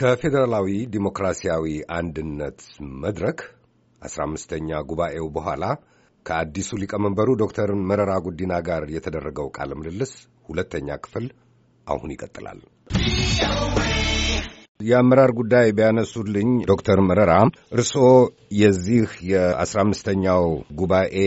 ከፌዴራላዊ ዲሞክራሲያዊ አንድነት መድረክ አስራ አምስተኛ ጉባኤው በኋላ ከአዲሱ ሊቀመንበሩ ዶክተር መረራ ጉዲና ጋር የተደረገው ቃለ ምልልስ ሁለተኛ ክፍል አሁን ይቀጥላል። የአመራር ጉዳይ ቢያነሱልኝ ዶክተር መረራ እርስዎ የዚህ የአስራ አምስተኛው ጉባኤ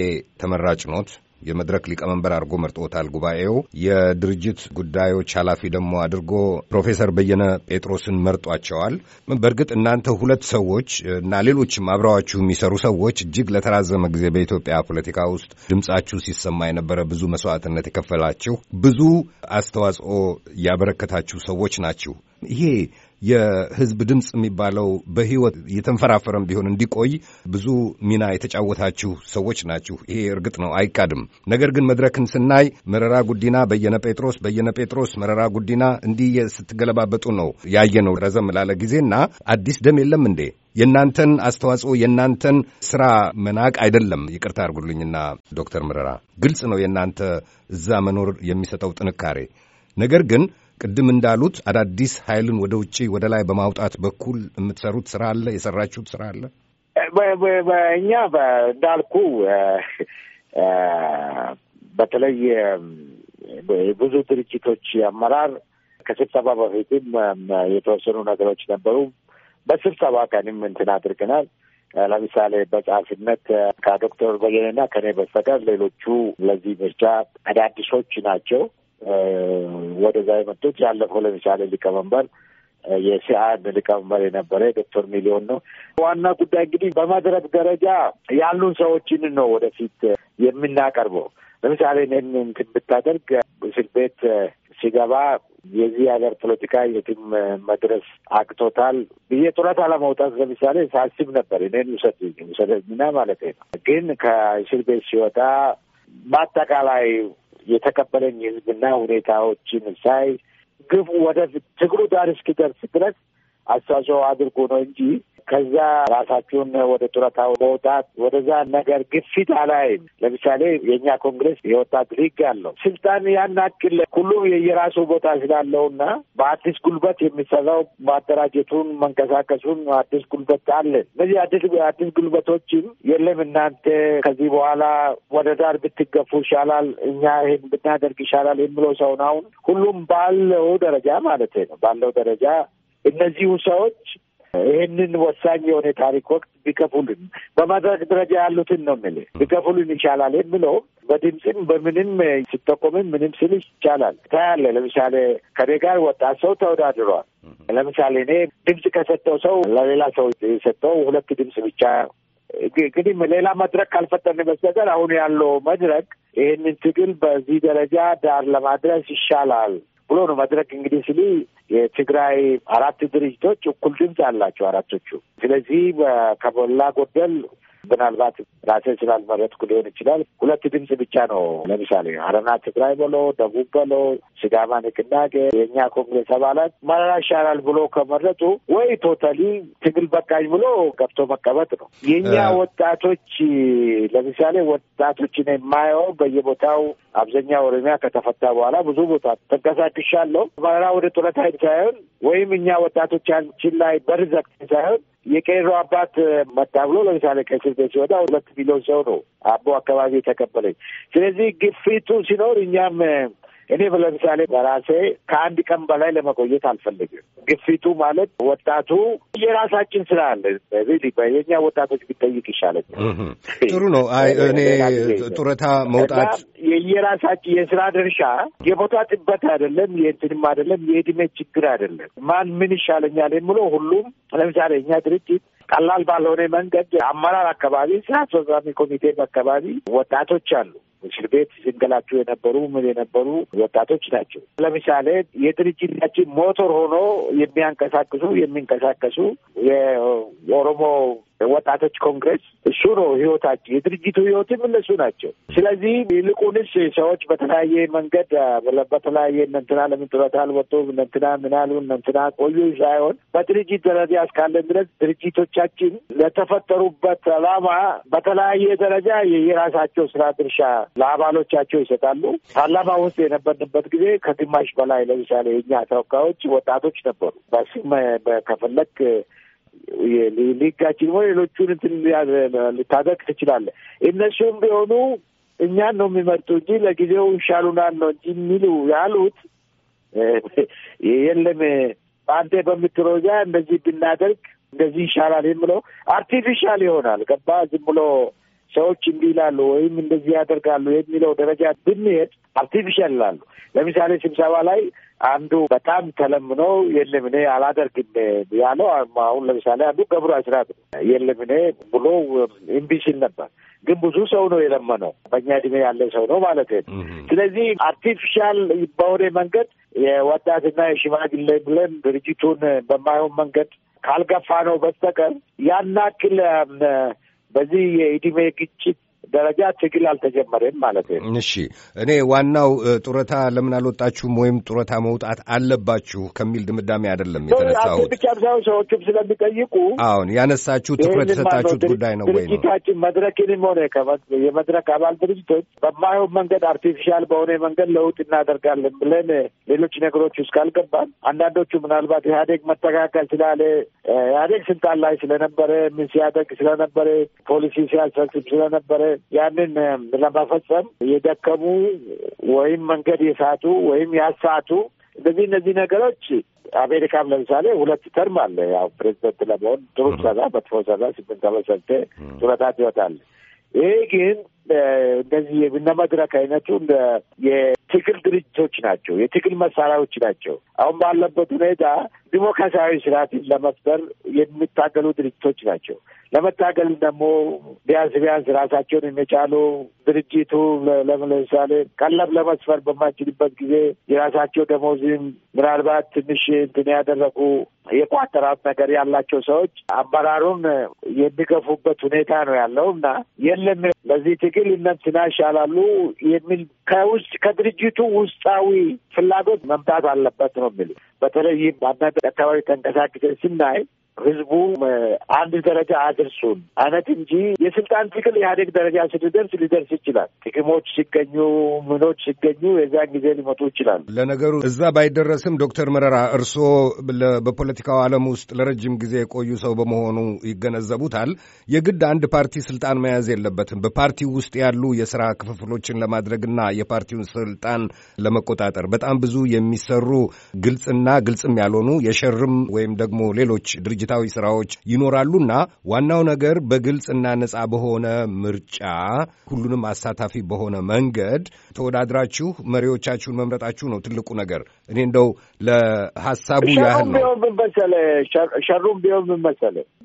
ተመራጭ ኖት። የመድረክ ሊቀመንበር አድርጎ መርጦታል ጉባኤው። የድርጅት ጉዳዮች ኃላፊ ደግሞ አድርጎ ፕሮፌሰር በየነ ጴጥሮስን መርጧቸዋል። በእርግጥ እናንተ ሁለት ሰዎች እና ሌሎችም አብረዋችሁ የሚሰሩ ሰዎች እጅግ ለተራዘመ ጊዜ በኢትዮጵያ ፖለቲካ ውስጥ ድምጻችሁ ሲሰማ የነበረ ብዙ መስዋዕትነት የከፈላችሁ ብዙ አስተዋጽኦ ያበረከታችሁ ሰዎች ናችሁ። ይሄ የህዝብ ድምፅ የሚባለው በህይወት እየተንፈራፈረም ቢሆን እንዲቆይ ብዙ ሚና የተጫወታችሁ ሰዎች ናችሁ። ይሄ እርግጥ ነው አይካድም። ነገር ግን መድረክን ስናይ መረራ ጉዲና፣ በየነ ጴጥሮስ፣ በየነ ጴጥሮስ፣ መረራ ጉዲና እንዲህ ስትገለባበጡ ነው ያየነው ረዘም ላለ ጊዜና አዲስ ደም የለም እንዴ? የእናንተን አስተዋጽኦ የእናንተን ስራ መናቅ አይደለም። ይቅርታ አርጉልኝና ዶክተር መረራ ግልጽ ነው የእናንተ እዛ መኖር የሚሰጠው ጥንካሬ ነገር ግን ቅድም እንዳሉት አዳዲስ ኃይልን ወደ ውጭ ወደ ላይ በማውጣት በኩል የምትሰሩት ስራ አለ? የሰራችሁት ስራ አለ? እኛ እንዳልኩ በተለይ የብዙ ድርጅቶች አመራር ከስብሰባ በፊትም የተወሰኑ ነገሮች ነበሩ። በስብሰባ ቀንም እንትን አድርገናል። ለምሳሌ በጸሐፊነት ከዶክተር በየነና ከኔ በስተቀር ሌሎቹ ለዚህ ምርጫ አዳዲሶች ናቸው። ወደዛ የመጡት ያለፈው ለምሳሌ ሊቀመንበር የሲአን ሊቀመንበር የነበረ ዶክተር ሚሊዮን ነው። ዋና ጉዳይ እንግዲህ በመድረክ ደረጃ ያሉን ሰዎችን ነው ወደፊት የምናቀርበው። ለምሳሌ እንትን ብታደርግ እስር ቤት ሲገባ የዚህ ሀገር ፖለቲካ የትም መድረስ አቅቶታል ብዬ ጡረታ ለመውጣት ለምሳሌ ሳስብ ነበር። እኔን ውሰድ ውሰደኝና ማለት ነው። ግን ከእስር ቤት ሲወጣ በአጠቃላይ የተቀበለኝ ህዝብና ሁኔታዎችን ሳይ ግቡ ወደ ትግሉ ዳር እስኪደርስ ድረስ አስተዋጽኦ አድርጎ ነው እንጂ ከዛ ራሳችሁን ወደ ጡረታ መውጣት ወደዛ ነገር ግፊት አላይም። ለምሳሌ የእኛ ኮንግሬስ የወጣት ሊግ አለው ስልጣን ያናቅለ ሁሉም የየራሱ ቦታ ስላለውና በአዲስ ጉልበት የሚሰራው ማደራጀቱን መንቀሳቀሱን አዲስ ጉልበት አለን። እነዚህ አዲስ አዲስ ጉልበቶችም የለም እናንተ ከዚህ በኋላ ወደ ዳር ብትገፉ ይሻላል፣ እኛ ይህን ብናደርግ ይሻላል የሚለው ሰውን አሁን ሁሉም ባለው ደረጃ ማለት ነው ባለው ደረጃ እነዚሁ ሰዎች ይህንን ወሳኝ የሆነ ታሪክ ወቅት ቢከፉልን በማድረግ ደረጃ ያሉትን ነው ምል ቢከፉልን ይቻላል የምለው በድምፅም በምንም ሲጠቆምም ምንም ስል ይቻላል ታያለ። ለምሳሌ ከኔ ጋር ወጣት ሰው ተወዳድሯል። ለምሳሌ እኔ ድምፅ ከሰጠው ሰው ለሌላ ሰው የሰጠው ሁለት ድምፅ ብቻ እንግዲህ ሌላ መድረክ ካልፈጠን በስተቀር አሁን ያለው መድረክ ይህንን ትግል በዚህ ደረጃ ዳር ለማድረስ ይሻላል ብሎ ነው መድረክ እንግዲህ ስል የትግራይ አራት ድርጅቶች እኩል ድምፅ አላቸው አራቶቹ። ስለዚህ ከሞላ ጎደል ምናልባት ራሴ ስላልመረጥኩ ሊሆን ይችላል። ሁለት ድምፅ ብቻ ነው። ለምሳሌ አረና ትግራይ በሎ፣ ደቡብ በሎ፣ ሲዳማ ንቅናቄ፣ የእኛ ኮንግሬስ አባላት መረራ ይሻላል ብሎ ከመረጡ ወይ ቶታሊ ትግል በቃኝ ብሎ ገብቶ መቀመጥ ነው። የእኛ ወጣቶች ለምሳሌ ወጣቶችን የማየው በየቦታው አብዛኛው ኦሮሚያ ከተፈታ በኋላ ብዙ ቦታ ተንቀሳቅሻለሁ። መረራ ወደ ጡረታ ሳይሆን ወይም እኛ ወጣቶቻችን ላይ በርዘቅ ሳይሆን የቄሮ አባት መጣ ብሎ ለምሳሌ ከእስር ሲወጣ ሁለት ሚሊዮን ሰው ነው አቦ አካባቢ የተቀበለኝ። ስለዚህ ግፊቱ ሲኖር እኛም እኔ ለምሳሌ በራሴ ከአንድ ቀን በላይ ለመቆየት አልፈልግም። ግፊቱ ማለት ወጣቱ የራሳችን ስራ አለ። የኛ ወጣቶች ቢጠይቅ ይሻለኛል። ጥሩ ነው። አይ እኔ ጡረታ መውጣት የየራሳችን የስራ ድርሻ የቦታ ጥበት አይደለም፣ የእንትንም አይደለም፣ የእድሜ ችግር አይደለም። ማን ምን ይሻለኛል የምለው ሁሉም ለምሳሌ እኛ ድርጅት ቀላል ባልሆነ መንገድ አመራር አካባቢ ስራ አስፈጻሚ ኮሚቴም አካባቢ ወጣቶች አሉ። እስር ቤት ሲንገላቸው የነበሩ ምን የነበሩ ወጣቶች ናቸው። ለምሳሌ የድርጅታችን ሞተር ሆኖ የሚያንቀሳቅሱ የሚንቀሳቀሱ የኦሮሞ ወጣቶች ኮንግሬስ እሱ ነው ህይወታቸው፣ የድርጅቱ ህይወትም እነሱ ናቸው። ስለዚህ ይልቁንስ ሰዎች በተለያየ መንገድ በተለያየ እነንትና ለምን ጡረታ አልወጡም እነንትና ምናሉ እነንትና ቆዩ ሳይሆን በድርጅት ደረጃ እስካለን ድረስ ድርጅቶቻችን ለተፈጠሩበት አላማ በተለያየ ደረጃ የራሳቸው ስራ ድርሻ ለአባሎቻቸው ይሰጣሉ። ፓርላማ ውስጥ የነበርንበት ጊዜ ከግማሽ በላይ ለምሳሌ የኛ ተወካዮች ወጣቶች ነበሩ። በስም ከፈለክ ሊጋችን ወይ ሌሎቹን እንትን ልታደርግ ትችላለህ። እነሱም ቢሆኑ እኛን ነው የሚመርጡ እንጂ ለጊዜው ይሻሉናል ነው እንጂ የሚሉ ያሉት የለም። በአንዴ በምትሮጃ እንደዚህ ብናደርግ እንደዚህ ይሻላል የምለው አርቲፊሻል ይሆናል። ገባ ዝም ብሎ ሰዎች እንዲህ ይላሉ ወይም እንደዚህ ያደርጋሉ የሚለው ደረጃ ብንሄድ አርቲፊሻል ይላሉ። ለምሳሌ ስብሰባ ላይ አንዱ በጣም ተለምኖ የለም እኔ አላደርግም ያለው አሁን ለምሳሌ አንዱ ገብሩ አስራት የለም እኔ ብሎ እምቢ ሲል ነበር። ግን ብዙ ሰው ነው የለመነው፣ በእኛ እድሜ ያለ ሰው ነው ማለት ነው። ስለዚህ አርቲፊሻል በሆነ መንገድ የወጣትና የሽማግሌ ብለን ድርጅቱን በማይሆን መንገድ ካልገፋ ነው በስተቀር ያናክል በዚህ የዕድሜ ግጭት ደረጃ ትግል አልተጀመረም ማለት ነው። እሺ እኔ ዋናው ጡረታ ለምን አልወጣችሁም ወይም ጡረታ መውጣት አለባችሁ ከሚል ድምዳሜ አይደለም የተነሳሁት። ብቻ ሳይሆን ሰዎችም ስለሚጠይቁ አሁን ያነሳችሁ ትኩረት የሰጣችሁት ጉዳይ ነው ወይ ድርጅታችን መድረክንም ሆነ የመድረክ አባል ድርጅቶች በማይሆን መንገድ አርቲፊሻል በሆነ መንገድ ለውጥ እናደርጋለን ብለን ሌሎች ነገሮች ውስጥ ካልገባን አንዳንዶቹ ምናልባት ኢህአዴግ መተካከል ስላለ ኢህአዴግ ስልጣን ላይ ስለነበረ ምን ሲያደርግ ስለነበረ ፖሊሲ ሲያስፈጽም ስለነበረ ያንን ለመፈጸም የደከሙ ወይም መንገድ የሳቱ ወይም ያሳቱ እነዚህ እነዚህ ነገሮች አሜሪካም ለምሳሌ ሁለት ተርም አለ። ያው ፕሬዚደንት ለመሆን ጥሩ ሰራ፣ መጥፎ ሰራ ስምንት አመት ሰርተህ ጡረታ ትወጣለህ። ይሄ ግን እንደዚህ እንደ መድረክ አይነቱ እንደ የትግል ድርጅቶች ናቸው፣ የትግል መሳሪያዎች ናቸው። አሁን ባለበት ሁኔታ ዲሞክራሲያዊ ስርዓትን ለመፍጠር የሚታገሉ ድርጅቶች ናቸው። ለመታገል ደግሞ ቢያንስ ቢያንስ ራሳቸውን የሚቻሉ ድርጅቱ ለምሳሌ ቀለብ ለመስፈር በማይችልበት ጊዜ የራሳቸው ደሞዝም ምናልባት ትንሽ እንትን ያደረጉ የቋጠራት ነገር ያላቸው ሰዎች አመራሩን የሚገፉበት ሁኔታ ነው ያለው እና የለም ለዚህ ትግል ይመትና ይሻላሉ የሚል ከውስጥ ከድርጅቱ ውስጣዊ ፍላጎት መምጣት አለበት ነው የሚሉ በተለይ በአንዳንድ አካባቢ ተንቀሳቅሰን ስናይ ህዝቡ አንድ ደረጃ አድርሱን አይነት እንጂ የስልጣን ትግል ኢህአዴግ ደረጃ ስንደርስ ሊደርስ ይችላል። ጥቅሞች ሲገኙ፣ ምኖች ሲገኙ የዛን ጊዜ ሊመጡ ይችላሉ። ለነገሩ እዛ ባይደረስም ዶክተር መረራ እርስዎ በፖለቲካው ዓለም ውስጥ ለረጅም ጊዜ የቆዩ ሰው በመሆኑ ይገነዘቡታል። የግድ አንድ ፓርቲ ስልጣን መያዝ የለበትም። በፓርቲ ውስጥ ያሉ የስራ ክፍፍሎችን ለማድረግና የፓርቲውን ስልጣን ለመቆጣጠር በጣም ብዙ የሚሰሩ ግልጽና ግልጽም ያልሆኑ የሸርም ወይም ደግሞ ሌሎች ድርጅታዊ ስራዎች ይኖራሉና ዋናው ነገር በግልጽና ነጻ በሆነ ምርጫ ሁሉንም አሳታፊ በሆነ መንገድ ተወዳድራችሁ መሪዎቻችሁን መምረጣችሁ ነው ትልቁ ነገር። እኔ እንደው ለሀሳቡ ያህል ነው። ቢሆን ሸሩም ቢሆን ምን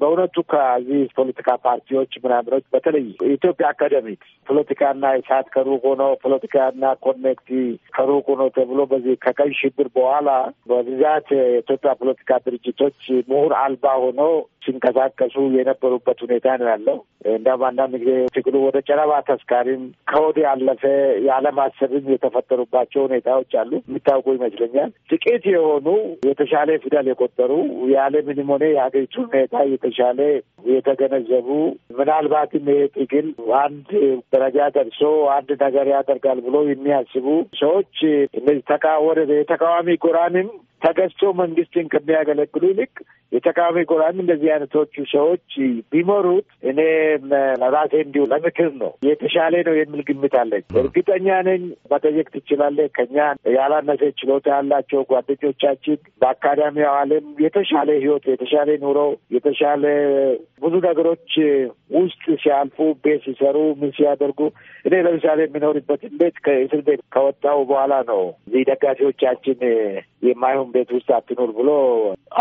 በእውነቱ ከዚህ ፖለቲካ ፓርቲዎች ምናምኖች በተለይ የኢትዮጵያ አካደሚክስ ፖለቲካና ኢሳት ከሩቅ ሆኖ ፖለቲካና ኮኔክቲ ከሩቅ ሆኖ ተብሎ በዚህ ከቀይ ሽብር በኋላ በዚህ በብዛት የኢትዮጵያ ፖለቲካ ድርጅቶች ምሁር አልባ ሆነው ሲንቀሳቀሱ የነበሩበት ሁኔታ ነው ያለው። እንዲያውም አንዳንድ ጊዜ ትግሉ ወደ ጨረባ ተስካሪም ከወዲ ያለፈ ያለማሰብም የተፈጠሩባቸው ሁኔታዎች አሉ። የሚታወቁ ይመስለኛል። ጥቂት የሆኑ የተሻለ ፊደል የቆጠሩ ያለ ምንም ሆነ የሀገሪቱን ሁኔታ የተሻለ የተገነዘቡ ምናልባትም ይሄ ትግል አንድ ደረጃ ደርሶ አንድ ነገር ያደርጋል ብሎ የሚያስቡ ሰዎች እነዚህ ተቃወደ የተቃዋሚ ጎራንም ተገዝቶ መንግስትን ከሚያገለግሉ ይልቅ የተቃዋሚ ጎራንም እንደዚህ አይነቶቹ ሰዎች ቢመሩት እኔ ራሴ እንዲሁ ለምክር ነው የተሻለ ነው የሚል ግምት አለኝ። እርግጠኛ ነኝ መጠየቅ ትችላለህ። ከኛ ያላነሰ ችሎታ ያላቸው ጓደኞቻችን በአካዳሚው ዓለም የተሻለ ህይወት፣ የተሻለ ኑሮ፣ የተሻለ ብዙ ነገሮች ውስጥ ሲያልፉ ቤት ሲሰሩ ምን ሲያደርጉ እኔ ለምሳሌ የሚኖርበትን ቤት ከእስር ቤት ከወጣው በኋላ ነው እዚህ ደጋፊዎቻችን የማይሆን ቤት ውስጥ አትኖር ብሎ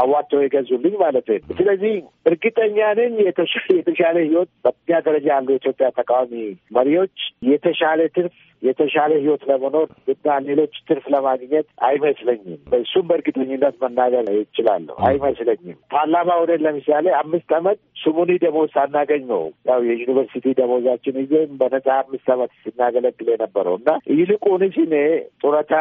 አዋቸው የገዙልኝ ማለት ነው። ስለዚህ እርግጠኛ ነኝ የተሻለ ህይወት በዚያ ደረጃ ያሉ የኢትዮጵያ ተቃዋሚ መሪዎች የተሻለ ትርፍ የተሻለ ህይወት ለመኖር እና ሌሎች ትርፍ ለማግኘት አይመስለኝም። እሱም በእርግጠኝነት መናገር ይችላለሁ። አይመስለኝም። ፓርላማ ወደን ለምሳሌ አምስት ዓመት ስሙኒ ደሞዝ ሳናገኝ ነው ያው የዩኒቨርሲቲ ደሞዛችን ይዘን በነጻ አምስት ዓመት ስናገለግል የነበረው እና ይልቁንስ እኔ ጡረታ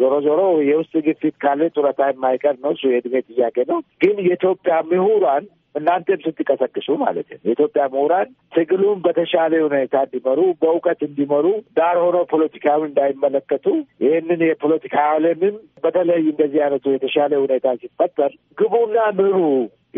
ዞሮ ዞሮ የውስጥ ግፊት ካለ ጡረታ የማይቀር ነው። እሱ የእድሜ ጥያቄ ነው። ግን የኢትዮጵያ ምሁራን እናንተም ስትቀሰቅሱ ማለት ነው የኢትዮጵያ ምሁራን ትግሉን በተሻለ ሁኔታ እንዲመሩ በእውቀት እንዲመሩ ዳር ሆኖ ፖለቲካዊ እንዳይመለከቱ ይህንን የፖለቲካ ዓለምም በተለይ እንደዚህ አይነቱ የተሻለ ሁኔታ ሲፈጠር ግቡና ምሩ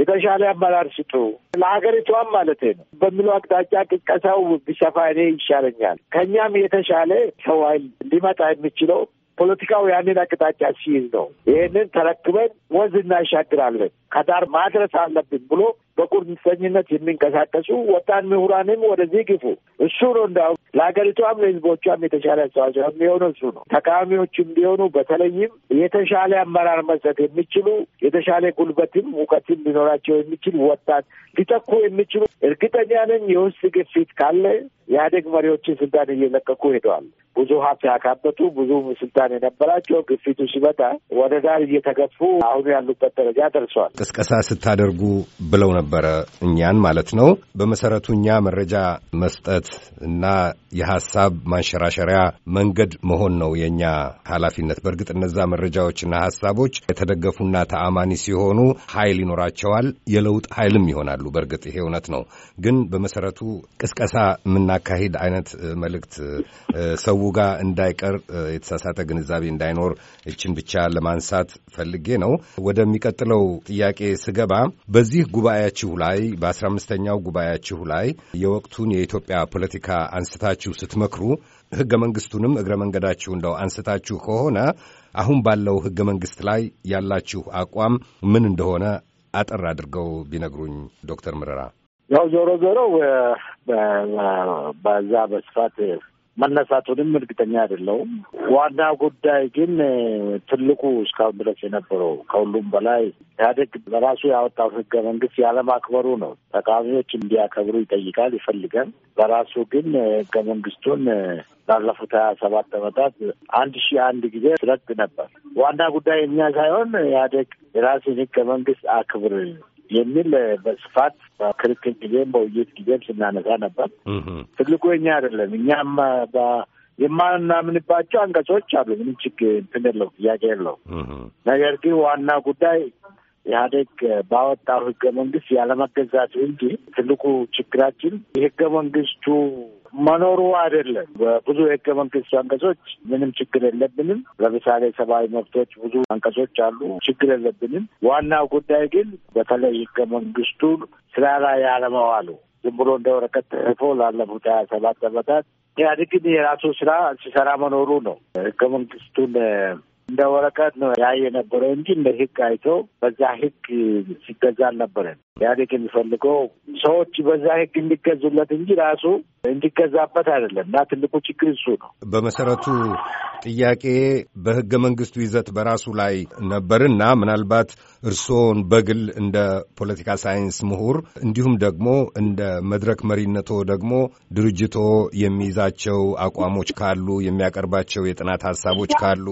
የተሻለ አመራር ስጡ፣ ለሀገሪቷም ማለት ነው በሚለው አቅጣጫ ቅስቀሳው ቢሰፋ እኔ ይሻለኛል። ከእኛም የተሻለ ሰው ኃይል ሊመጣ የሚችለው ፖለቲካው ያንን አቅጣጫ ሲይዝ ነው። ይህንን ተረክበን ወንዝ እናሻግራለን። ከዳር ማድረስ አለብን ብሎ በቁርጠኝነት የሚንቀሳቀሱ ወጣት ምሁራንም ወደዚህ ግፉ። እሱ ነው እንዳሁ ለሀገሪቷም ለህዝቦቿም የተሻለ አስተዋጽኦ የሆነ እሱ ነው። ተቃዋሚዎችም ቢሆኑ በተለይም የተሻለ አመራር መስጠት የሚችሉ የተሻለ ጉልበትም እውቀትም ሊኖራቸው የሚችል ወጣት ሊተኩ የሚችሉ እርግጠኛ ነኝ የውስጥ ግፊት ካለ ኢህአዴግ መሪዎችን ስልጣን እየለቀቁ ሄደዋል። ብዙ ሀብት ያካበቱ ብዙ ስልጣን የነበራቸው ግፊቱ ሲመጣ ወደ ዳር እየተገፉ አሁኑ ያሉበት ደረጃ ደርሷል። ቅስቀሳ ስታደርጉ ብለው ነበረ እኛን ማለት ነው። በመሰረቱ እኛ መረጃ መስጠት እና የሀሳብ ማንሸራሸሪያ መንገድ መሆን ነው የእኛ ኃላፊነት። በእርግጥ እነዛ መረጃዎችና ሀሳቦች የተደገፉና ተአማኒ ሲሆኑ ኃይል ይኖራቸዋል፣ የለውጥ ኃይልም ይሆናሉ። በእርግጥ ይሄ እውነት ነው። ግን በመሰረቱ ቅስቀሳ የምናካሂድ አይነት መልእክት ሰው ጋር እንዳይቀር የተሳሳተ ግንዛቤ እንዳይኖር እችን ብቻ ለማንሳት ፈልጌ ነው። ወደሚቀጥለው ጥያቄ ጥያቄ ስገባ በዚህ ጉባኤያችሁ ላይ 15 አምስተኛው ጉባኤያችሁ ላይ የወቅቱን የኢትዮጵያ ፖለቲካ አንስታችሁ ስትመክሩ ሕገ መንግሥቱንም እግረ መንገዳችሁ እንደው አንስታችሁ ከሆነ አሁን ባለው ሕገ መንግሥት ላይ ያላችሁ አቋም ምን እንደሆነ አጠር አድርገው ቢነግሩኝ ዶክተር ምረራ። ያው ዞሮ ዞሮ በዛ በስፋት መነሳቱንም እርግጠኛ አይደለውም። ዋና ጉዳይ ግን ትልቁ እስካሁን ድረስ የነበረው ከሁሉም በላይ ኢህአዴግ በራሱ ያወጣው ህገ መንግስት ያለማክበሩ ነው። ተቃዋሚዎች እንዲያከብሩ ይጠይቃል፣ ይፈልጋል። በራሱ ግን ህገ መንግስቱን ባለፉት ሀያ ሰባት ዓመታት አንድ ሺህ አንድ ጊዜ ረግጥ ነበር። ዋና ጉዳይ እኛ ሳይሆን ኢህአዴግ የራሴን ህገ መንግስት አክብር የሚል በስፋት በክርክር ጊዜም በውይይት ጊዜም ስናነሳ ነበር። ትልቁ የኛ አይደለም። እኛም የማናምንባቸው አንቀጾች አሉ። ምንም ችግር እንትን የለው፣ ጥያቄ የለው። ነገር ግን ዋና ጉዳይ ኢህአዴግ ባወጣው ህገ መንግስት ያለመገዛቱ እንጂ ትልቁ ችግራችን የህገ መንግስቱ መኖሩ አይደለም። በብዙ የህገ መንግስት አንቀጾች ምንም ችግር የለብንም። ለምሳሌ ሰብአዊ መብቶች ብዙ አንቀጾች አሉ፣ ችግር የለብንም። ዋናው ጉዳይ ግን በተለይ ህገ መንግስቱ ስራ ላይ ያለመዋሉ ዝም ብሎ እንደ ወረቀት ተጽፎ ላለፉት ሀያ ሰባት ዓመታት ኢህአዴግን የራሱ ስራ ሲሰራ መኖሩ ነው። ህገ መንግስቱን እንደ ወረቀት ነው ያየ ነበረ እንጂ እንደ ህግ አይቶ በዛ ህግ ሲገዛ አልነበረን። ኢህአዴግ የሚፈልገው ሰዎች በዛ ህግ እንዲገዙለት እንጂ ራሱ እንዲገዛበት አይደለም። እና ትልቁ ችግር እሱ ነው። በመሰረቱ ጥያቄ በህገ መንግስቱ ይዘት በራሱ ላይ ነበርና ምናልባት እርስዎን በግል እንደ ፖለቲካ ሳይንስ ምሁር እንዲሁም ደግሞ እንደ መድረክ መሪነቶ ደግሞ ድርጅቶ የሚይዛቸው አቋሞች ካሉ የሚያቀርባቸው የጥናት ሀሳቦች ካሉ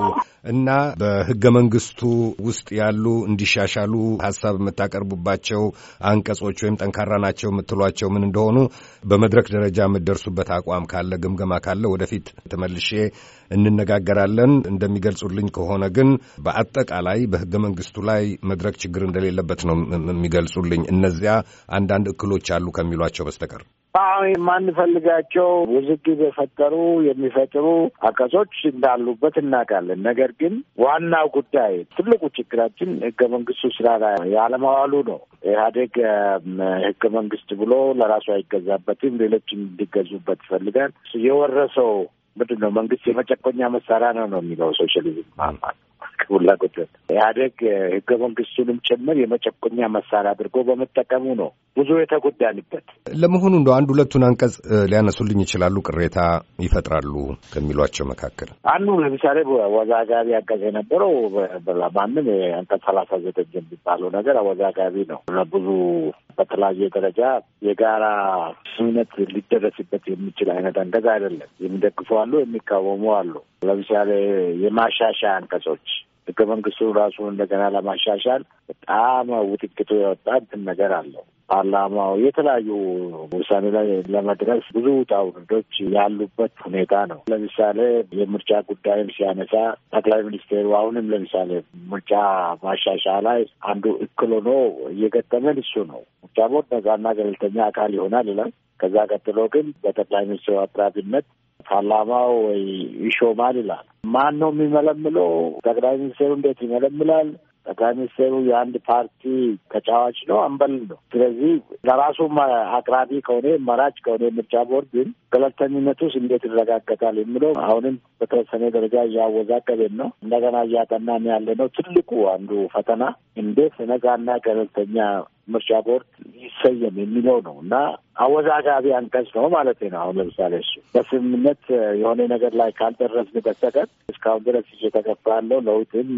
እና በህገ መንግስቱ ውስጥ ያሉ እንዲሻሻሉ ሀሳብ የምታቀርቡባቸው አንቀጾች ወይም ጠንካራ ናቸው የምትሏቸው ምን እንደሆኑ በመድረክ ደረጃ የምትደርሱበት አቋም ካለ ግምገማ ካለ ወደፊት ተመልሼ እንነጋገራለን። እንደሚገልጹልኝ ከሆነ ግን በአጠቃላይ በህገ መንግስቱ ላይ መድረክ ችግር እንደሌለበት ነው የሚገልጹልኝ እነዚያ አንዳንድ እክሎች አሉ ከሚሏቸው በስተቀር በአሁን የማንፈልጋቸው ውዝግብ የፈጠሩ የሚፈጥሩ አቀሶች እንዳሉበት እናውቃለን። ነገር ግን ዋናው ጉዳይ ትልቁ ችግራችን ህገ መንግስቱ ስራ ላይ ያለማዋሉ ነው። ኢህአዴግ ህገ መንግስት ብሎ ለራሱ አይገዛበትም፣ ሌሎችም እንዲገዙበት ይፈልጋል። የወረሰው ምንድን ነው? መንግስት የመጨቆኛ መሳሪያ ነው ነው የሚለው ሶሻሊዝም ማለት ከሞላ ጎደል ኢህአደግ ህገ መንግስቱንም ጭምር የመጨቆኛ መሳሪያ አድርጎ በመጠቀሙ ነው ብዙ የተጎዳንበት። ለመሆኑ እንደ አንድ ሁለቱን አንቀጽ ሊያነሱልኝ ይችላሉ? ቅሬታ ይፈጥራሉ ከሚሏቸው መካከል አንዱ ለምሳሌ አወዛጋቢ አንቀጽ የነበረው ማንም አንቀጽ ሰላሳ ዘጠኝ የሚባለው ነገር አወዛጋቢ ነው። ብዙ በተለያየ ደረጃ የጋራ ስምምነት ሊደረስበት የሚችል አይነት አንቀጽ አይደለም። የሚደግፉ አሉ፣ የሚቃወሙ አሉ። ለምሳሌ የማሻሻያ አንቀጾች ህገ መንግስቱ ራሱን እንደገና ለማሻሻል በጣም ውጥቅቱ የወጣ እንትን ነገር አለው። ፓርላማው የተለያዩ ውሳኔ ላይ ለመድረስ ብዙ ውጣ ውረዶች ያሉበት ሁኔታ ነው። ለምሳሌ የምርጫ ጉዳይም ሲያነሳ ጠቅላይ ሚኒስቴሩ አሁንም ለምሳሌ ምርጫ ማሻሻያ ላይ አንዱ እክል ሆኖ እየገጠመን እሱ ነው። ምርጫ ቦርድ ነጻና ገለልተኛ አካል ይሆናል ይላል። ከዛ ቀጥሎ ግን በጠቅላይ ሚኒስትሩ አቅራቢነት ፓርላማው ወይ ይሾማል ይላል። ማን ነው የሚመለምለው? ጠቅላይ ሚኒስቴሩ እንዴት ይመለምላል? ጠቅላይ ሚኒስቴሩ የአንድ ፓርቲ ተጫዋች ነው፣ አንበል ነው። ስለዚህ ለራሱ አቅራቢ ከሆነ መራጭ ከሆነ ምርጫ ቦርድ ግን ገለልተኝነቱስ እንዴት ይረጋገጣል የሚለው አሁንም በተወሰነ ደረጃ እያወዛቀበን ነው። እንደገና እያጠናን ያለ ነው። ትልቁ አንዱ ፈተና እንዴት ነጻና ገለልተኛ ምርጫ ቦርድ ይሰየም የሚለው ነው እና አወዛጋቢ አንቀጽ ነው ማለት ነው። አሁን ለምሳሌ እሱ በስምምነት የሆነ ነገር ላይ ካልደረስን በስተቀር እስካሁን ድረስ እየተገባ ያለው ለውጥን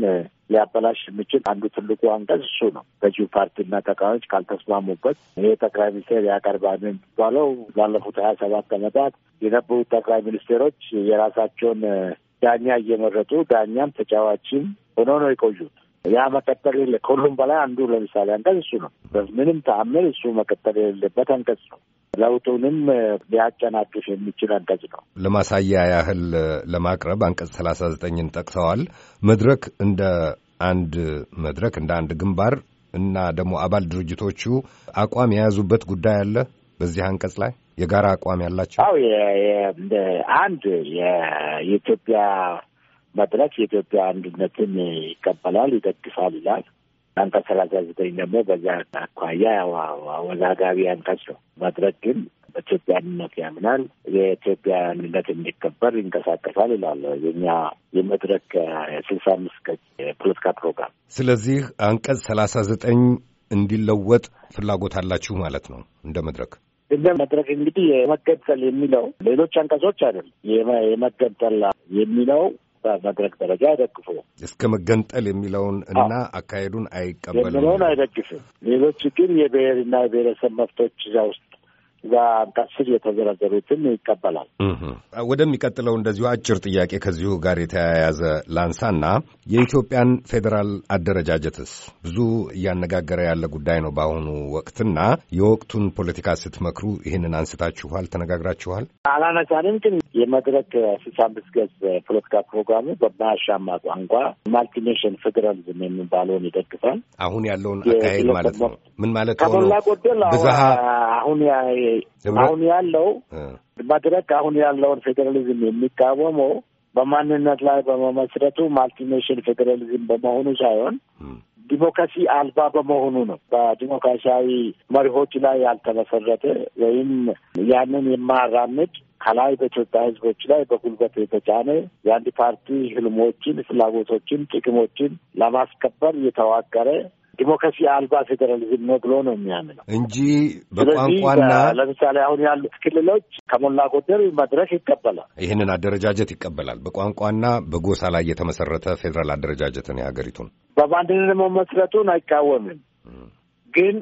ሊያበላሽ የሚችል አንዱ ትልቁ አንቀጽ እሱ ነው። በዚሁ ፓርቲና ተቃዋሚዎች ካልተስማሙበት ይሄ ጠቅላይ ሚኒስቴር ያቀርባል የሚባለው ላለፉት ሀያ ሰባት ዓመታት የነበሩት ጠቅላይ ሚኒስቴሮች የራሳቸውን ዳኛ እየመረጡ ዳኛም ተጫዋችም ሆኖ ነው የቆዩት። ያ መቀጠል የለ ከሁሉም በላይ አንዱ ለምሳሌ አንቀጽ እሱ ነው። በምንም ተአምር እሱ መቀጠል የሌለበት አንቀጽ ነው። ለውጡንም ሊያጨናግፍ የሚችል አንቀጽ ነው። ለማሳያ ያህል ለማቅረብ አንቀጽ ሰላሳ ዘጠኝን ጠቅሰዋል። መድረክ እንደ አንድ መድረክ እንደ አንድ ግንባር እና ደግሞ አባል ድርጅቶቹ አቋም የያዙበት ጉዳይ አለ በዚህ አንቀጽ ላይ የጋራ አቋም ያላቸው አዎ አንድ የኢትዮጵያ መድረክ የኢትዮጵያ አንድነትን ይቀበላል፣ ይደግፋል ይላል። አንቀጽ ሰላሳ ዘጠኝ ደግሞ በዛ አኳያ አወዛጋቢ አንቀጽ ነው። መድረክ ግን በኢትዮጵያ አንድነት ያምናል፣ የኢትዮጵያ አንድነት እንዲከበር ይንቀሳቀሳል ይላል የኛ የመድረክ ስልሳ አምስት ገጽ የፖለቲካ ፕሮግራም። ስለዚህ አንቀጽ ሰላሳ ዘጠኝ እንዲለወጥ ፍላጎት አላችሁ ማለት ነው እንደ መድረክ እንደ መድረክ እንግዲህ የመገንጠል የሚለው ሌሎች አንቀጾች አይደል የመገንጠል የሚለው በመድረክ ደረጃ አይደግፉም። እስከ መገንጠል የሚለውን እና አካሄዱን አይቀበልም የሚለውን አይደግፍም። ሌሎች ግን የብሔርና የብሔረሰብ መብቶች እዛ ውስጥ እዛ አንቀጽ ስር የተዘረዘሩትን ይቀበላል። ወደሚቀጥለው እንደዚሁ አጭር ጥያቄ ከዚሁ ጋር የተያያዘ ላንሳና የኢትዮጵያን ፌዴራል አደረጃጀትስ ብዙ እያነጋገረ ያለ ጉዳይ ነው በአሁኑ ወቅትና የወቅቱን ፖለቲካ ስትመክሩ ይህንን አንስታችኋል? ተነጋግራችኋል? አላነሳንም ግን የመድረክ ስልሳ አምስት ገጽ ፖለቲካ ፕሮግራሙ በማያሻማ ቋንቋ ማልቲኔሽን ፌዴራሊዝም የሚባለውን ይደግፋል። አሁን ያለውን አካሄድ ማለት ነው። ምን ማለት ከሞላ ጎደል አሁን አሁን ያለው መድረክ አሁን ያለውን ፌዴራሊዝም የሚቃወመው በማንነት ላይ በመመስረቱ ማልቲኔሽን ፌዴራሊዝም በመሆኑ ሳይሆን ዲሞክራሲ አልባ በመሆኑ ነው። በዲሞክራሲያዊ መሪሆች ላይ ያልተመሰረተ ወይም ያንን የማራምድ ከላይ በኢትዮጵያ ሕዝቦች ላይ በጉልበት የተጫነ የአንድ ፓርቲ ህልሞችን፣ ፍላጎቶችን፣ ጥቅሞችን ለማስከበር እየተዋቀረ ዲሞክራሲ አልባ ፌዴራሊዝም ነው ብሎ ነው የሚያምነው እንጂ በቋንቋና ለምሳሌ አሁን ያሉት ክልሎች ከሞላ ጎደል መድረክ ይቀበላል፣ ይህንን አደረጃጀት ይቀበላል። በቋንቋና በጎሳ ላይ የተመሰረተ ፌዴራል አደረጃጀትን የሀገሪቱን በባንድነት መመስረቱን አይቃወምም። ግን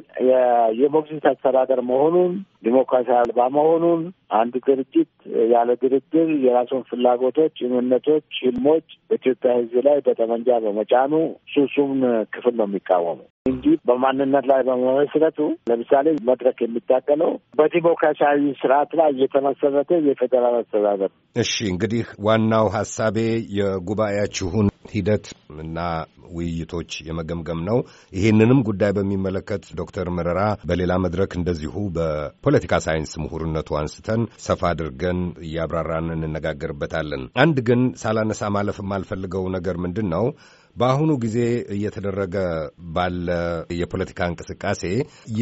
የሞግዚት አስተዳደር መሆኑን ዲሞክራሲ አልባ መሆኑን አንድ ድርጅት ያለ ድርድር የራሱን ፍላጎቶች፣ እምነቶች፣ ህልሞች በኢትዮጵያ ህዝብ ላይ በጠመንጃ በመጫኑ ሱሱም ክፍል ነው የሚቃወሙ እንጂ በማንነት ላይ በመመስረቱ ለምሳሌ መድረክ የሚታገለው በዲሞክራሲያዊ ስርዓት ላይ እየተመሰረተ የፌዴራል አስተዳደር። እሺ እንግዲህ ዋናው ሀሳቤ የጉባኤያችሁን ሂደት እና ውይይቶች የመገምገም ነው። ይህንንም ጉዳይ በሚመለከት ዶክተር መረራ በሌላ መድረክ እንደዚሁ በፖ የፖለቲካ ሳይንስ ምሁርነቱ አንስተን ሰፋ አድርገን እያብራራን እንነጋገርበታለን። አንድ ግን ሳላነሳ ማለፍ የማልፈልገው ነገር ምንድን ነው? በአሁኑ ጊዜ እየተደረገ ባለ የፖለቲካ እንቅስቃሴ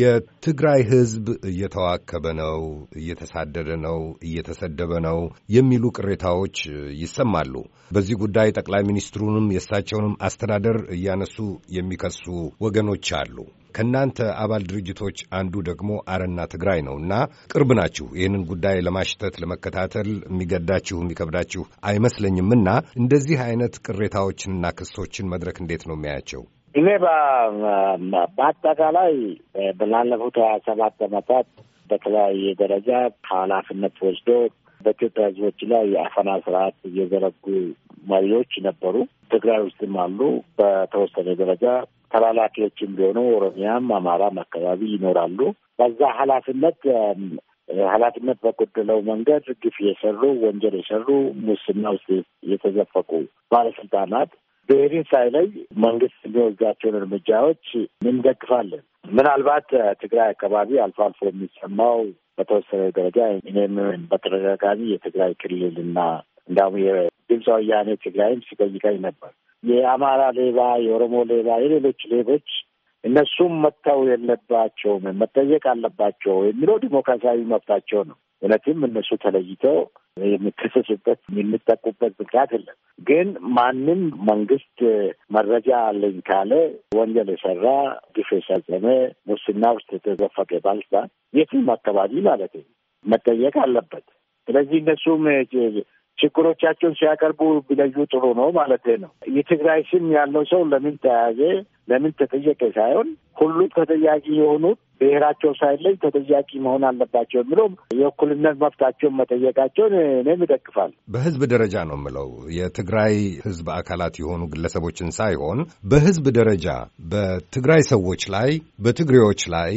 የትግራይ ሕዝብ እየተዋከበ ነው፣ እየተሳደደ ነው፣ እየተሰደበ ነው የሚሉ ቅሬታዎች ይሰማሉ። በዚህ ጉዳይ ጠቅላይ ሚኒስትሩንም የእሳቸውንም አስተዳደር እያነሱ የሚከሱ ወገኖች አሉ። ከእናንተ አባል ድርጅቶች አንዱ ደግሞ አረና ትግራይ ነው እና ቅርብ ናችሁ። ይህንን ጉዳይ ለማሽተት ለመከታተል የሚገዳችሁ የሚከብዳችሁ አይመስለኝም እና እንደዚህ አይነት ቅሬታዎችንና ክሶችን መድረክ እንዴት ነው የሚያያቸው? እኔ በአጠቃላይ ላለፉት ሀያ ሰባት ዓመታት በተለያየ ደረጃ ኃላፊነት ወስዶ በኢትዮጵያ ሕዝቦች ላይ የአፈና ስርዓት እየዘረጉ መሪዎች ነበሩ። ትግራይ ውስጥም አሉ። በተወሰነ ደረጃ ተላላኪዎችም ቢሆኑ ኦሮሚያም አማራም አካባቢ ይኖራሉ። በዛ ኃላፊነት ኃላፊነት በጎደለው መንገድ ግፍ የሰሩ ወንጀል የሰሩ ሙስና ውስጥ የተዘፈቁ ባለስልጣናት ብሔርን ሳይለይ መንግስት የሚወስዳቸውን እርምጃዎች እንደግፋለን። ምናልባት ትግራይ አካባቢ አልፎ አልፎ የሚሰማው በተወሰነ ደረጃ እኔም በተደጋጋሚ የትግራይ ክልልና እንዲሁም የድምፀ ወያኔ ትግራይም ሲጠይቀኝ ነበር የአማራ ሌባ፣ የኦሮሞ ሌባ፣ የሌሎች ሌቦች እነሱም መተው የለባቸውም መጠየቅ አለባቸው የሚለው ዲሞክራሲያዊ መብታቸው ነው። እውነትም እነሱ ተለይተው የሚከሰሱበት የሚጠቁበት ምክንያት የለም። ግን ማንም መንግስት መረጃ አለኝ ካለ ወንጀል የሰራ ግፍ የፈጸመ ሙስና ውስጥ የተዘፈቀ ባለስልጣን የትም አካባቢ ማለት ነው መጠየቅ አለበት። ስለዚህ እነሱም ችግሮቻቸውን ሲያቀርቡ ቢለዩ ጥሩ ነው ማለት ነው። የትግራይ ስም ያለው ሰው ለምን ተያዘ ለምን ተጠየቀ ሳይሆን ሁሉም ተጠያቂ የሆኑት ብሔራቸው ሳይለይ ተጠያቂ መሆን አለባቸው የሚለው የእኩልነት መብታቸውን መጠየቃቸውን እኔም ይደግፋል። በህዝብ ደረጃ ነው የምለው የትግራይ ህዝብ አካላት የሆኑ ግለሰቦችን ሳይሆን በህዝብ ደረጃ በትግራይ ሰዎች ላይ በትግሬዎች ላይ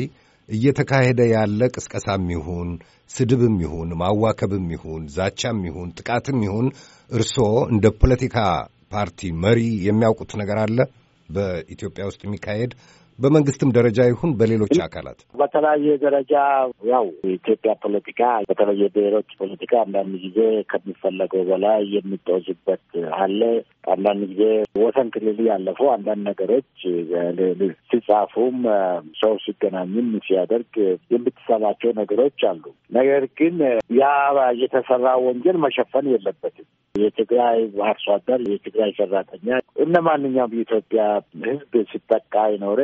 እየተካሄደ ያለ ቅስቀሳም ይሁን ስድብም ይሁን ማዋከብም ይሁን ዛቻም ይሁን ጥቃትም ይሁን እርስዎ እንደ ፖለቲካ ፓርቲ መሪ የሚያውቁት ነገር አለ? በኢትዮጵያ ውስጥ የሚካሄድ በመንግስትም ደረጃ ይሁን በሌሎች አካላት በተለያየ ደረጃ ያው የኢትዮጵያ ፖለቲካ በተለየ ብሔሮች ፖለቲካ አንዳንድ ጊዜ ከሚፈለገው በላይ የሚጦዝበት አለ። አንዳንድ ጊዜ ወሰን ክልል ያለፉ አንዳንድ ነገሮች ሲጻፉም ሰው ሲገናኝም ሲያደርግ የምትሰማቸው ነገሮች አሉ። ነገር ግን ያ የተሰራ ወንጀል መሸፈን የለበትም። የትግራይ አርሶ አደር፣ የትግራይ ሰራተኛ እነ ማንኛውም የኢትዮጵያ ሕዝብ ሲጠቃ የኖረ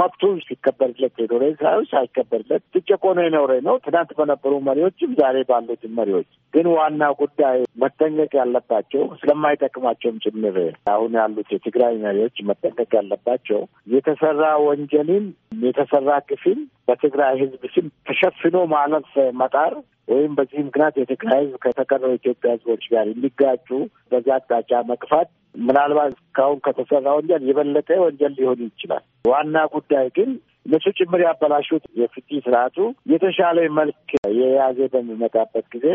መብቱ ሲከበርለት የኖረ ሳይሆን ሳይከበርለት ትጨቆኖ የኖረ ነው። ትናንት በነበሩ መሪዎችም ዛሬ ባሉት መሪዎች ግን ዋና ጉዳይ መጠንቀቅ ያለባቸው ስለማይጠቅማቸውም ጭምር አሁን ያሉት የትግራይ መሪዎች መጠንቀቅ ያለባቸው የተሰራ ወንጀልን የተሰራ ክፍል በትግራይ ሕዝብ ስም ተሸፍኖ ማለፍ መጣር ወይም በዚህ ምክንያት የትግራይ ህዝብ ከተቀረው ኢትዮጵያ ህዝቦች ጋር የሚጋጩ በዛ አቅጣጫ መግፋት ምናልባት እስካሁን ከተሰራ ወንጀል የበለጠ ወንጀል ሊሆን ይችላል። ዋና ጉዳይ ግን እነሱ ጭምር ያበላሹት የፍትህ ስርዓቱ የተሻለ መልክ የያዘ በሚመጣበት ጊዜ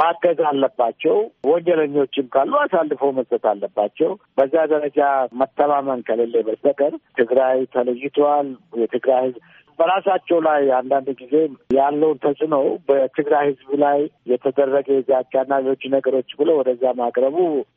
ማገዝ አለባቸው። ወንጀለኞችም ካሉ አሳልፎ መስጠት አለባቸው። በዛ ደረጃ መተማመን ከሌለ በስተቀር ትግራይ ተለይቷል፣ የትግራይ ህዝብ በራሳቸው ላይ አንዳንድ ጊዜ ያለውን ተጽዕኖ በትግራይ ህዝብ ላይ የተደረገ የዛቻና ሌሎች ነገሮች ብሎ ወደዛ ማቅረቡ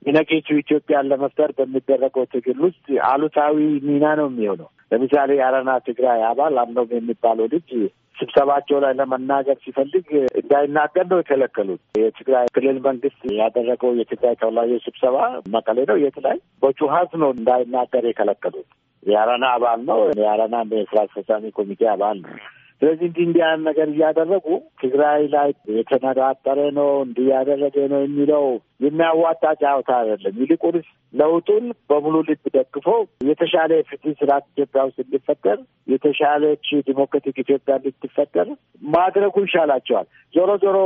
የነገይቱ ኢትዮጵያን ለመፍጠር በሚደረገው ትግል ውስጥ አሉታዊ ሚና ነው የሚሆነው። ለምሳሌ የአረና ትግራይ አባል አምነው የሚባለው ልጅ ስብሰባቸው ላይ ለመናገር ሲፈልግ እንዳይናገር ነው የከለከሉት። የትግራይ ክልል መንግስት ያደረገው የትግራይ ተወላጆች ስብሰባ መቀሌ ነው የት ላይ በጩኸት ነው እንዳይናገር የከለከሉት። የአረና አባል ነው። የአረና የስራ አስፈጻሚ ኮሚቴ አባል ነው። ስለዚህ እንዲህ እንዲህ ነገር እያደረጉ ትግራይ ላይ የተነጣጠረ ነው እንዲህ ያደረገ ነው የሚለው የሚያዋጣ ጫውታ አይደለም። ይልቁንስ ለውጡን በሙሉ ልብ ደግፎ የተሻለ የፍትህ ስርዓት ኢትዮጵያ ውስጥ እንዲፈጠር፣ የተሻለች ዲሞክራቲክ ኢትዮጵያ እንድትፈጠር ማድረጉ ይሻላቸዋል። ዞሮ ዞሮ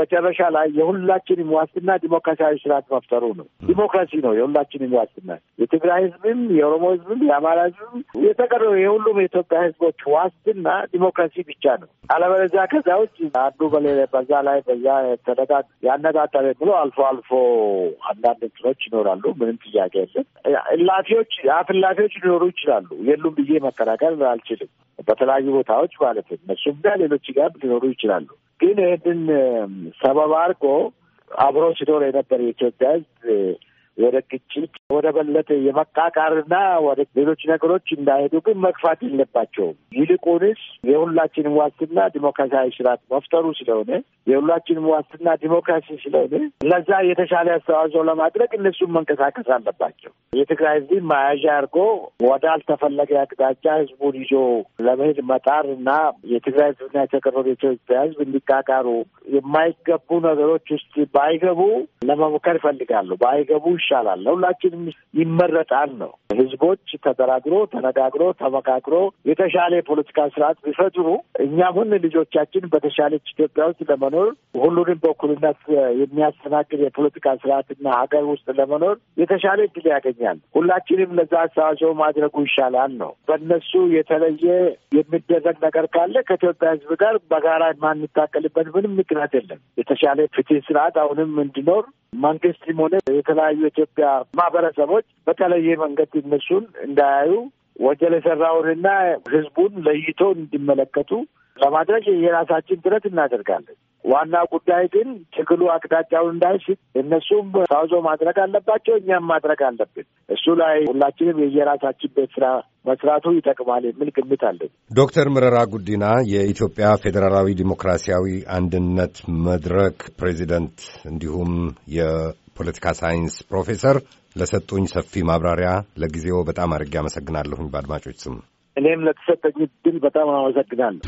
መጨረሻ ላይ የሁላችንም ዋስትና ዲሞክራሲያዊ ስርዓት መፍጠሩ ነው። ዲሞክራሲ ነው የሁላችንም ዋስትና። የትግራይ ህዝብም፣ የኦሮሞ ህዝብም፣ የአማራ ህዝብም የተቀረ የሁሉም የኢትዮጵያ ህዝቦች ዋስትና ዲሞክራሲ ብቻ ነው። አለበለዚያ ከዛ ውጭ አንዱ በዛ ላይ በዛ ተነጋ ያነጣጠረ ብሎ አልፎ አልፎ አንዳንድ እንትኖች ይኖራሉ። ምንም ጥያቄ የለም። እላፊዎች አፍላፊዎች ሊኖሩ ይችላሉ። የሉም ብዬ መከራከር አልችልም። በተለያዩ ቦታዎች ማለት እነሱም ጋር ሌሎች ጋር ሊኖሩ ይችላሉ። ግን ይህንን ሰበብ አድርጎ አብሮ ሲኖር የነበር የኢትዮጵያ ሕዝብ ወደ ግጭት፣ ወደ በለጠ የመቃቃርና ወደ ሌሎች ነገሮች እንዳይሄዱ ግን መግፋት የለባቸውም። ይልቁንስ የሁላችንም ዋስትና ዲሞክራሲያዊ ስርዓት መፍጠሩ ስለሆነ የሁላችንም ዋስትና ዲሞክራሲ ስለሆነ ለዛ የተሻለ አስተዋጽኦ ለማድረግ እነሱም መንቀሳቀስ አለባቸው። የትግራይ ህዝብ መያዣ አድርጎ ወደ አልተፈለገ አቅጣጫ ህዝቡን ይዞ ለመሄድ መጣር እና የትግራይ ህዝብና የተቀረሩ የኢትዮጵያ ህዝብ እንዲቃቃሩ የማይገቡ ነገሮች ውስጥ ባይገቡ ለመሞከር ይፈልጋሉ ባይገቡ ይሻላል፣ ለሁላችንም ይመረጣል ነው። ህዝቦች ተደራድሮ ተነጋግሮ ተመካክሮ የተሻለ የፖለቲካ ስርዓት ቢፈጥሩ እኛም ሁን ልጆቻችን በተሻለች ኢትዮጵያ ውስጥ ለመኖር ሁሉንም በእኩልነት የሚያስተናግድ የፖለቲካ ስርዓትና ሀገር ውስጥ ለመኖር የተሻለ እድል ያገኛል። ሁላችንም ለዛ አስተዋጽኦ ማድረጉ ይሻላል ነው። በእነሱ የተለየ የሚደረግ ነገር ካለ ከኢትዮጵያ ህዝብ ጋር በጋራ የማንታቀልበት ምንም ምክንያት የለም። የተሻለ ፍትህ ስርዓት አሁንም እንዲኖር መንግስትም ሆነ የተለያዩ የኢትዮጵያ ማህበረሰቦች በተለየ መንገድ እነሱን እንዳያዩ ወንጀል የሰራውንና ህዝቡን ለይቶ እንዲመለከቱ ለማድረግ የራሳችን ጥረት እናደርጋለን። ዋና ጉዳይ ግን ትግሉ አቅጣጫውን እንዳይስት እነሱም ሳውዞ ማድረግ አለባቸው፣ እኛም ማድረግ አለብን። እሱ ላይ ሁላችንም የየራሳችን ቤት ስራ መስራቱ ይጠቅማል የሚል ግምት አለን። ዶክተር ምረራ ጉዲና የኢትዮጵያ ፌዴራላዊ ዲሞክራሲያዊ አንድነት መድረክ ፕሬዚደንት እንዲሁም የፖለቲካ ሳይንስ ፕሮፌሰር ለሰጡኝ ሰፊ ማብራሪያ ለጊዜው በጣም አድርጌ አመሰግናለሁኝ። በአድማጮች ስም እኔም ለተሰጠኝ ድል በጣም አመሰግናለሁ።